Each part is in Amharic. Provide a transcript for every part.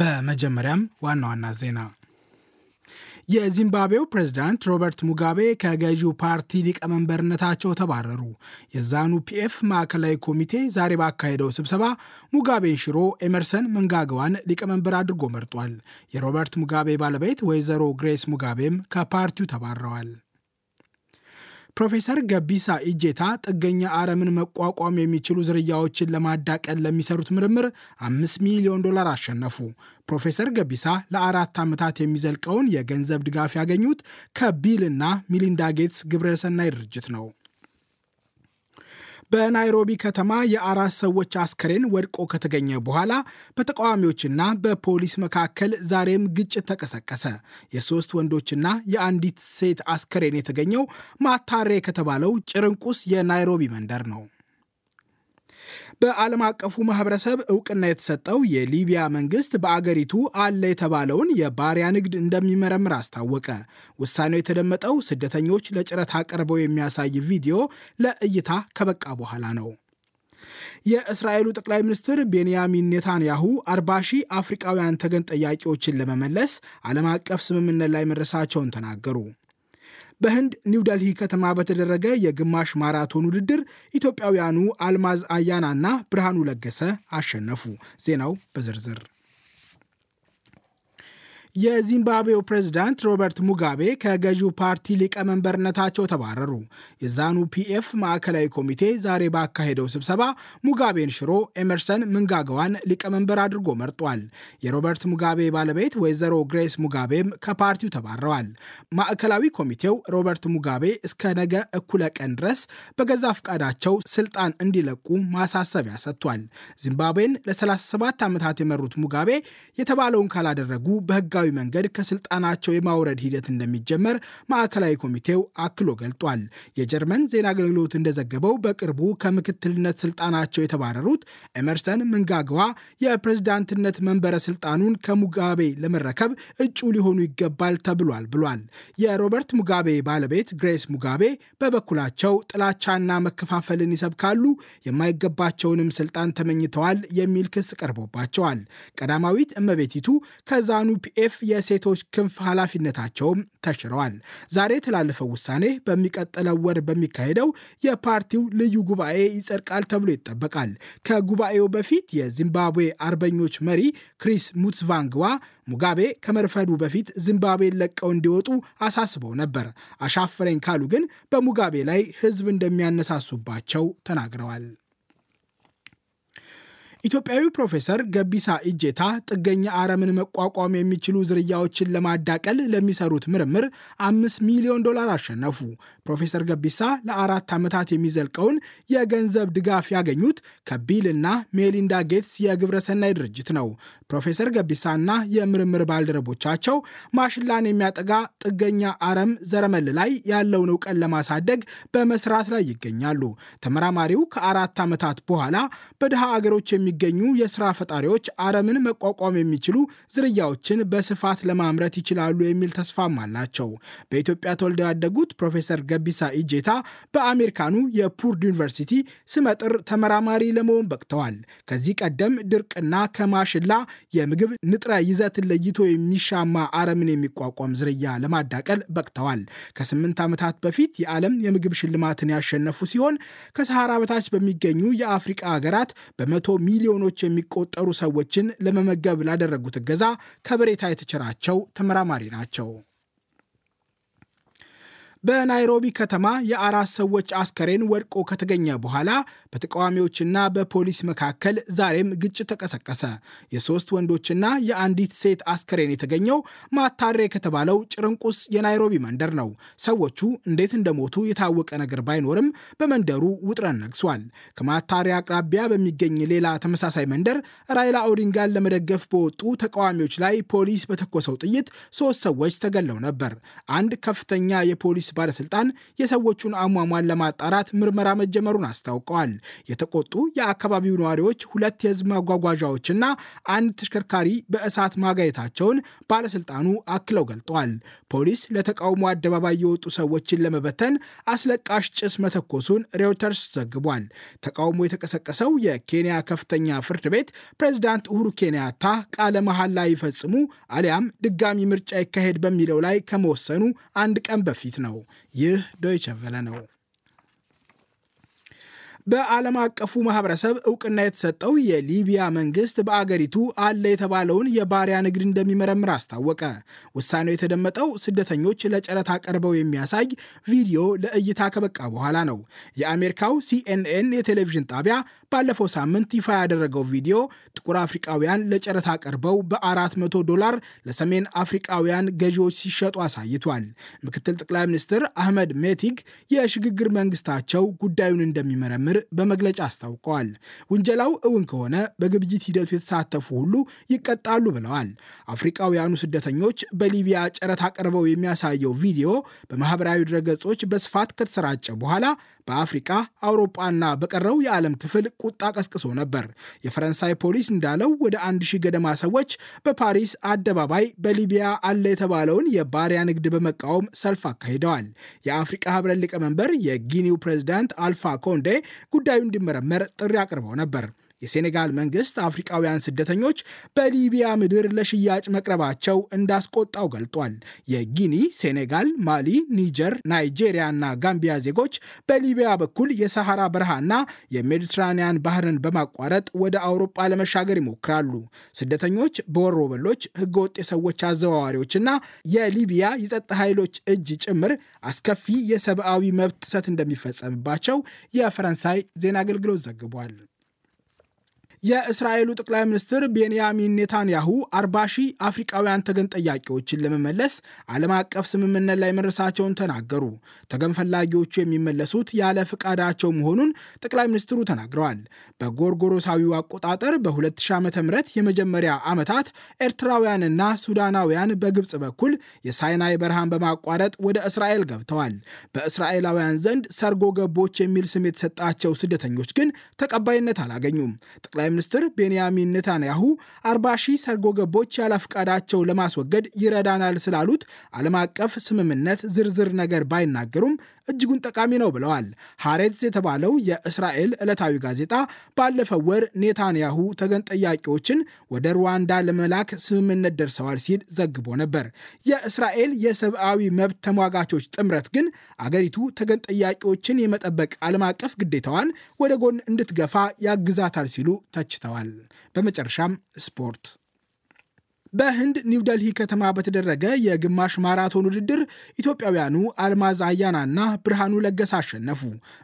በመጀመሪያም ዋና ዋና ዜና የዚምባብዌው ፕሬዝዳንት ሮበርት ሙጋቤ ከገዢው ፓርቲ ሊቀመንበርነታቸው ተባረሩ። የዛኑ ፒኤፍ ማዕከላዊ ኮሚቴ ዛሬ ባካሄደው ስብሰባ ሙጋቤን ሽሮ ኤመርሰን መንጋገዋን ሊቀመንበር አድርጎ መርጧል። የሮበርት ሙጋቤ ባለቤት ወይዘሮ ግሬስ ሙጋቤም ከፓርቲው ተባረዋል። ፕሮፌሰር ገቢሳ እጄታ ጥገኛ አረምን መቋቋም የሚችሉ ዝርያዎችን ለማዳቀል ለሚሰሩት ምርምር አምስት ሚሊዮን ዶላር አሸነፉ። ፕሮፌሰር ገቢሳ ለአራት ዓመታት የሚዘልቀውን የገንዘብ ድጋፍ ያገኙት ከቢልና ሚሊንዳ ጌትስ ግብረሰናይ ድርጅት ነው። በናይሮቢ ከተማ የአራት ሰዎች አስከሬን ወድቆ ከተገኘ በኋላ በተቃዋሚዎችና በፖሊስ መካከል ዛሬም ግጭት ተቀሰቀሰ። የሶስት ወንዶችና የአንዲት ሴት አስከሬን የተገኘው ማታሬ ከተባለው ጭርንቁስ የናይሮቢ መንደር ነው። በዓለም አቀፉ ማህበረሰብ እውቅና የተሰጠው የሊቢያ መንግስት በአገሪቱ አለ የተባለውን የባሪያ ንግድ እንደሚመረምር አስታወቀ። ውሳኔው የተደመጠው ስደተኞች ለጨረታ አቅርበው የሚያሳይ ቪዲዮ ለእይታ ከበቃ በኋላ ነው። የእስራኤሉ ጠቅላይ ሚኒስትር ቤንያሚን ኔታንያሁ አርባ ሺህ አፍሪቃውያን ተገን ጠያቂዎችን ለመመለስ ዓለም አቀፍ ስምምነት ላይ መድረሳቸውን ተናገሩ። በህንድ ኒውደልሂ ከተማ በተደረገ የግማሽ ማራቶን ውድድር ኢትዮጵያውያኑ አልማዝ አያናና ብርሃኑ ለገሰ አሸነፉ። ዜናው በዝርዝር የዚምባብዌው ፕሬዝዳንት ሮበርት ሙጋቤ ከገዢው ፓርቲ ሊቀመንበርነታቸው ተባረሩ። የዛኑ ፒኤፍ ማዕከላዊ ኮሚቴ ዛሬ ባካሄደው ስብሰባ ሙጋቤን ሽሮ ኤመርሰን ምንጋገዋን ሊቀመንበር አድርጎ መርጧል። የሮበርት ሙጋቤ ባለቤት ወይዘሮ ግሬስ ሙጋቤም ከፓርቲው ተባረዋል። ማዕከላዊ ኮሚቴው ሮበርት ሙጋቤ እስከ ነገ እኩለ ቀን ድረስ በገዛ ፈቃዳቸው ስልጣን እንዲለቁ ማሳሰቢያ ሰጥቷል። ዚምባብዌን ለ37 ዓመታት የመሩት ሙጋቤ የተባለውን ካላደረጉ በህጋዊ በሰላማዊ መንገድ ከስልጣናቸው የማውረድ ሂደት እንደሚጀመር ማዕከላዊ ኮሚቴው አክሎ ገልጧል። የጀርመን ዜና አገልግሎት እንደዘገበው በቅርቡ ከምክትልነት ስልጣናቸው የተባረሩት ኤመርሰን ምንጋግዋ የፕሬዝዳንትነት መንበረ ስልጣኑን ከሙጋቤ ለመረከብ እጩ ሊሆኑ ይገባል ተብሏል ብሏል። የሮበርት ሙጋቤ ባለቤት ግሬስ ሙጋቤ በበኩላቸው ጥላቻና መከፋፈልን ይሰብካሉ፣ የማይገባቸውንም ስልጣን ተመኝተዋል የሚል ክስ ቀርቦባቸዋል። ቀዳማዊት እመቤቲቱ ከዛኑ ፒኤፍ የሴቶች ክንፍ ኃላፊነታቸውም ተሽረዋል። ዛሬ የተላለፈው ውሳኔ በሚቀጥለው ወር በሚካሄደው የፓርቲው ልዩ ጉባኤ ይጸድቃል ተብሎ ይጠበቃል። ከጉባኤው በፊት የዚምባብዌ አርበኞች መሪ ክሪስ ሙትስቫንግዋ ሙጋቤ ከመርፈዱ በፊት ዚምባብዌን ለቀው እንዲወጡ አሳስበው ነበር። አሻፈረኝ ካሉ ግን በሙጋቤ ላይ ሕዝብ እንደሚያነሳሱባቸው ተናግረዋል። ኢትዮጵያዊ ፕሮፌሰር ገቢሳ እጄታ ጥገኛ አረምን መቋቋም የሚችሉ ዝርያዎችን ለማዳቀል ለሚሰሩት ምርምር አምስት ሚሊዮን ዶላር አሸነፉ። ፕሮፌሰር ገቢሳ ለአራት ዓመታት የሚዘልቀውን የገንዘብ ድጋፍ ያገኙት ከቢል እና ሜሊንዳ ጌትስ የግብረሰናይ ድርጅት ነው። ፕሮፌሰር ገቢሳና የምርምር ባልደረቦቻቸው ማሽላን የሚያጠጋ ጥገኛ አረም ዘረመል ላይ ያለውን እውቀት ለማሳደግ በመስራት ላይ ይገኛሉ። ተመራማሪው ከአራት ዓመታት በኋላ በድሃ አገሮች የሚ የሚገኙ የስራ ፈጣሪዎች አረምን መቋቋም የሚችሉ ዝርያዎችን በስፋት ለማምረት ይችላሉ የሚል ተስፋም አላቸው። በኢትዮጵያ ተወልደው ያደጉት ፕሮፌሰር ገቢሳ ኢጄታ በአሜሪካኑ የፑርድ ዩኒቨርሲቲ ስመጥር ተመራማሪ ለመሆን በቅተዋል። ከዚህ ቀደም ድርቅና ከማሽላ የምግብ ንጥረ ይዘትን ለይቶ የሚሻማ አረምን የሚቋቋም ዝርያ ለማዳቀል በቅተዋል። ከስምንት ዓመታት በፊት የዓለም የምግብ ሽልማትን ያሸነፉ ሲሆን ከሰሃራ በታች በሚገኙ የአፍሪቃ ሀገራት በመቶ በሚሊዮኖች የሚቆጠሩ ሰዎችን ለመመገብ ላደረጉት እገዛ ከበሬታ የተቸራቸው ተመራማሪ ናቸው። በናይሮቢ ከተማ የአራት ሰዎች አስከሬን ወድቆ ከተገኘ በኋላ በተቃዋሚዎችና በፖሊስ መካከል ዛሬም ግጭት ተቀሰቀሰ። የሶስት ወንዶችና የአንዲት ሴት አስከሬን የተገኘው ማታሬ ከተባለው ጭርንቁስ የናይሮቢ መንደር ነው። ሰዎቹ እንዴት እንደሞቱ የታወቀ ነገር ባይኖርም በመንደሩ ውጥረት ነግሷል። ከማታሬ አቅራቢያ በሚገኝ ሌላ ተመሳሳይ መንደር ራይላ ኦዲንጋን ለመደገፍ በወጡ ተቃዋሚዎች ላይ ፖሊስ በተኮሰው ጥይት ሶስት ሰዎች ተገለው ነበር። አንድ ከፍተኛ የፖሊስ የፖሊስ ባለስልጣን የሰዎቹን አሟሟን ለማጣራት ምርመራ መጀመሩን አስታውቀዋል። የተቆጡ የአካባቢው ነዋሪዎች ሁለት የህዝብ ማጓጓዣዎችና አንድ ተሽከርካሪ በእሳት ማጋየታቸውን ባለስልጣኑ አክለው ገልጠዋል። ፖሊስ ለተቃውሞ አደባባይ የወጡ ሰዎችን ለመበተን አስለቃሽ ጭስ መተኮሱን ሬውተርስ ዘግቧል። ተቃውሞ የተቀሰቀሰው የኬንያ ከፍተኛ ፍርድ ቤት ፕሬዝዳንት ኡሁሩ ኬንያታ ቃለ መሐላ ይፈጽሙ አሊያም ድጋሚ ምርጫ ይካሄድ በሚለው ላይ ከመወሰኑ አንድ ቀን በፊት ነው። ነው። ይህ ዶይቸ ቬለ ነው። በዓለም አቀፉ ማህበረሰብ እውቅና የተሰጠው የሊቢያ መንግስት በአገሪቱ አለ የተባለውን የባሪያ ንግድ እንደሚመረምር አስታወቀ። ውሳኔው የተደመጠው ስደተኞች ለጨረታ ቀርበው የሚያሳይ ቪዲዮ ለእይታ ከበቃ በኋላ ነው። የአሜሪካው ሲኤንኤን የቴሌቪዥን ጣቢያ ባለፈው ሳምንት ይፋ ያደረገው ቪዲዮ ጥቁር አፍሪቃውያን ለጨረታ ቀርበው በ400 ዶላር ለሰሜን አፍሪቃውያን ገዢዎች ሲሸጡ አሳይቷል። ምክትል ጠቅላይ ሚኒስትር አህመድ ሜቲግ የሽግግር መንግስታቸው ጉዳዩን እንደሚመረምር በመግለጫ አስታውቀዋል። ውንጀላው እውን ከሆነ በግብይት ሂደቱ የተሳተፉ ሁሉ ይቀጣሉ ብለዋል። አፍሪቃውያኑ ስደተኞች በሊቢያ ጨረታ ቀርበው የሚያሳየው ቪዲዮ በማህበራዊ ድረገጾች በስፋት ከተሰራጨ በኋላ በአፍሪቃ አውሮፓና በቀረው የዓለም ክፍል ቁጣ ቀስቅሶ ነበር። የፈረንሳይ ፖሊስ እንዳለው ወደ አንድ ሺህ ገደማ ሰዎች በፓሪስ አደባባይ በሊቢያ አለ የተባለውን የባሪያ ንግድ በመቃወም ሰልፍ አካሂደዋል። የአፍሪቃ ህብረት ሊቀመንበር የጊኒው ፕሬዚዳንት አልፋ ኮንዴ ጉዳዩ እንዲመረመር ጥሪ አቅርበው ነበር። የሴኔጋል መንግስት አፍሪቃውያን ስደተኞች በሊቢያ ምድር ለሽያጭ መቅረባቸው እንዳስቆጣው ገልጧል። የጊኒ፣ ሴኔጋል፣ ማሊ፣ ኒጀር፣ ናይጄሪያና ጋምቢያ ዜጎች በሊቢያ በኩል የሰሐራ በረሃና የሜዲትራኒያን ባህርን በማቋረጥ ወደ አውሮጳ ለመሻገር ይሞክራሉ። ስደተኞች በወሮበሎች፣ ህገወጥ የሰዎች አዘዋዋሪዎችና የሊቢያ የጸጥታ ኃይሎች እጅ ጭምር አስከፊ የሰብአዊ መብት ጥሰት እንደሚፈጸምባቸው የፈረንሳይ ዜና አገልግሎት ዘግቧል። የእስራኤሉ ጠቅላይ ሚኒስትር ቤንያሚን ኔታንያሁ አርባ ሺህ አፍሪቃውያን ተገን ጠያቂዎችን ለመመለስ ዓለም አቀፍ ስምምነት ላይ መድረሳቸውን ተናገሩ። ተገን ፈላጊዎቹ የሚመለሱት ያለ ፍቃዳቸው መሆኑን ጠቅላይ ሚኒስትሩ ተናግረዋል። በጎርጎሮሳዊው አቆጣጠር በ2000 ዓ ም የመጀመሪያ ዓመታት ኤርትራውያንና ሱዳናውያን በግብፅ በኩል የሳይናይ በረሃን በማቋረጥ ወደ እስራኤል ገብተዋል። በእስራኤላውያን ዘንድ ሰርጎ ገቦች የሚል ስም የተሰጣቸው ስደተኞች ግን ተቀባይነት አላገኙም። ጠቅላይ ሚኒስትር ቤንያሚን ኔታንያሁ አርባ ሺህ ሰርጎ ገቦች ፍቃዳቸው ለማስወገድ ይረዳናል ስላሉት ዓለም አቀፍ ስምምነት ዝርዝር ነገር ባይናገሩም እጅጉን ጠቃሚ ነው ብለዋል። ሐሬትስ የተባለው የእስራኤል ዕለታዊ ጋዜጣ ባለፈው ወር ኔታንያሁ ተገን ጠያቂዎችን ወደ ሩዋንዳ ለመላክ ስምምነት ደርሰዋል ሲል ዘግቦ ነበር። የእስራኤል የሰብአዊ መብት ተሟጋቾች ጥምረት ግን አገሪቱ ተገን ጠያቂዎችን የመጠበቅ ዓለም አቀፍ ግዴታዋን ወደ ጎን እንድትገፋ ያግዛታል ሲሉ ተችተዋል። በመጨረሻም ስፖርት በህንድ ኒውደልሂ ከተማ በተደረገ የግማሽ ማራቶን ውድድር ኢትዮጵያውያኑ አልማዝ አያናና ብርሃኑ ለገሳ አሸነፉ።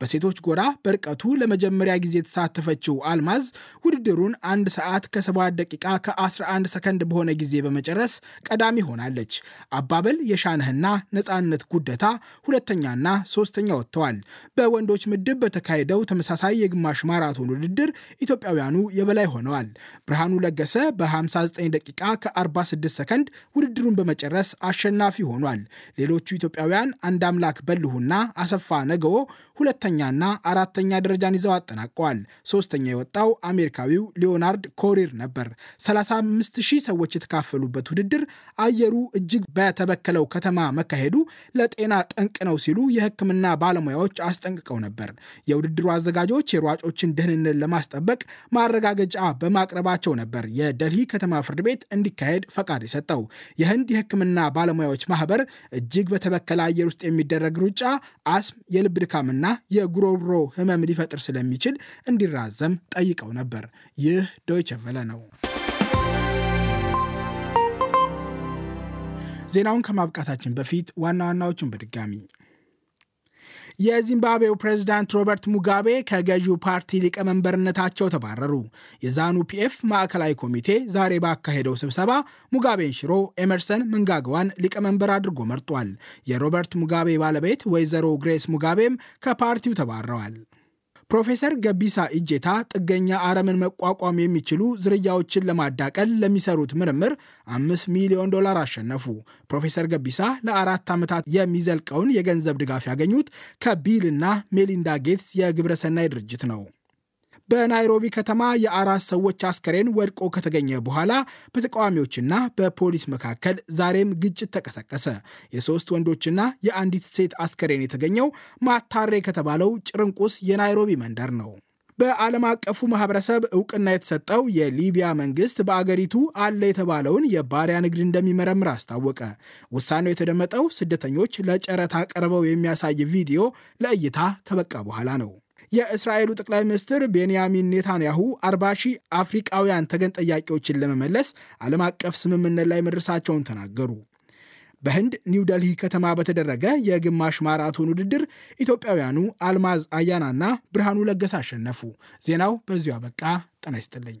በሴቶች ጎራ በርቀቱ ለመጀመሪያ ጊዜ የተሳተፈችው አልማዝ ውድድሩን አንድ ሰዓት ከ7 ደቂቃ ከ11 ሰከንድ በሆነ ጊዜ በመጨረስ ቀዳሚ ሆናለች። አባበል የሻነህና ነፃነት ጉደታ ሁለተኛና ሶስተኛ ወጥተዋል። በወንዶች ምድብ በተካሄደው ተመሳሳይ የግማሽ ማራቶን ውድድር ኢትዮጵያውያኑ የበላይ ሆነዋል። ብርሃኑ ለገሰ በ59 ደቂቃ 46 ሰከንድ ውድድሩን በመጨረስ አሸናፊ ሆኗል። ሌሎቹ ኢትዮጵያውያን አንድ አምላክ በልሁና አሰፋ ነገዎ ሁለተኛና አራተኛ ደረጃን ይዘው አጠናቀዋል። ሶስተኛ የወጣው አሜሪካዊው ሊዮናርድ ኮሪር ነበር። 35000 ሰዎች የተካፈሉበት ውድድር አየሩ እጅግ በተበከለው ከተማ መካሄዱ ለጤና ጠንቅ ነው ሲሉ የሕክምና ባለሙያዎች አስጠንቅቀው ነበር። የውድድሩ አዘጋጆች የሯጮችን ደህንነት ለማስጠበቅ ማረጋገጫ በማቅረባቸው ነበር የደልሂ ከተማ ፍርድ ቤት እንዲ እንዲካሄድ ፈቃድ የሰጠው። የህንድ የህክምና ባለሙያዎች ማህበር እጅግ በተበከለ አየር ውስጥ የሚደረግ ሩጫ አስም፣ የልብ ድካምና የጉሮሮ ህመም ሊፈጥር ስለሚችል እንዲራዘም ጠይቀው ነበር። ይህ ዶይቸ ቨለ ነው። ዜናውን ከማብቃታችን በፊት ዋና ዋናዎቹን በድጋሚ የዚምባብዌው ፕሬዝዳንት ሮበርት ሙጋቤ ከገዢው ፓርቲ ሊቀመንበርነታቸው ተባረሩ። የዛኑ ፒኤፍ ማዕከላዊ ኮሚቴ ዛሬ ባካሄደው ስብሰባ ሙጋቤን ሽሮ ኤመርሰን ምንጋግዋን ሊቀመንበር አድርጎ መርጧል። የሮበርት ሙጋቤ ባለቤት ወይዘሮ ግሬስ ሙጋቤም ከፓርቲው ተባረዋል። ፕሮፌሰር ገቢሳ እጄታ ጥገኛ አረምን መቋቋም የሚችሉ ዝርያዎችን ለማዳቀል ለሚሰሩት ምርምር አምስት ሚሊዮን ዶላር አሸነፉ። ፕሮፌሰር ገቢሳ ለአራት ዓመታት የሚዘልቀውን የገንዘብ ድጋፍ ያገኙት ከቢልና ሜሊንዳ ጌትስ የግብረሰናይ ድርጅት ነው። በናይሮቢ ከተማ የአራት ሰዎች አስከሬን ወድቆ ከተገኘ በኋላ በተቃዋሚዎችና በፖሊስ መካከል ዛሬም ግጭት ተቀሰቀሰ። የሶስት ወንዶችና የአንዲት ሴት አስከሬን የተገኘው ማታሬ ከተባለው ጭርንቁስ የናይሮቢ መንደር ነው። በዓለም አቀፉ ማህበረሰብ እውቅና የተሰጠው የሊቢያ መንግስት በአገሪቱ አለ የተባለውን የባሪያ ንግድ እንደሚመረምር አስታወቀ። ውሳኔው የተደመጠው ስደተኞች ለጨረታ ቀርበው የሚያሳይ ቪዲዮ ለእይታ ከበቃ በኋላ ነው። የእስራኤሉ ጠቅላይ ሚኒስትር ቤንያሚን ኔታንያሁ 40 ሺህ አፍሪቃውያን ተገን ጠያቂዎችን ለመመለስ ዓለም አቀፍ ስምምነት ላይ መድረሳቸውን ተናገሩ። በህንድ ኒው ደልሂ ከተማ በተደረገ የግማሽ ማራቶን ውድድር ኢትዮጵያውያኑ አልማዝ አያናና ብርሃኑ ለገሳ አሸነፉ። ዜናው በዚሁ አበቃ። ጤና ይስጥልኝ።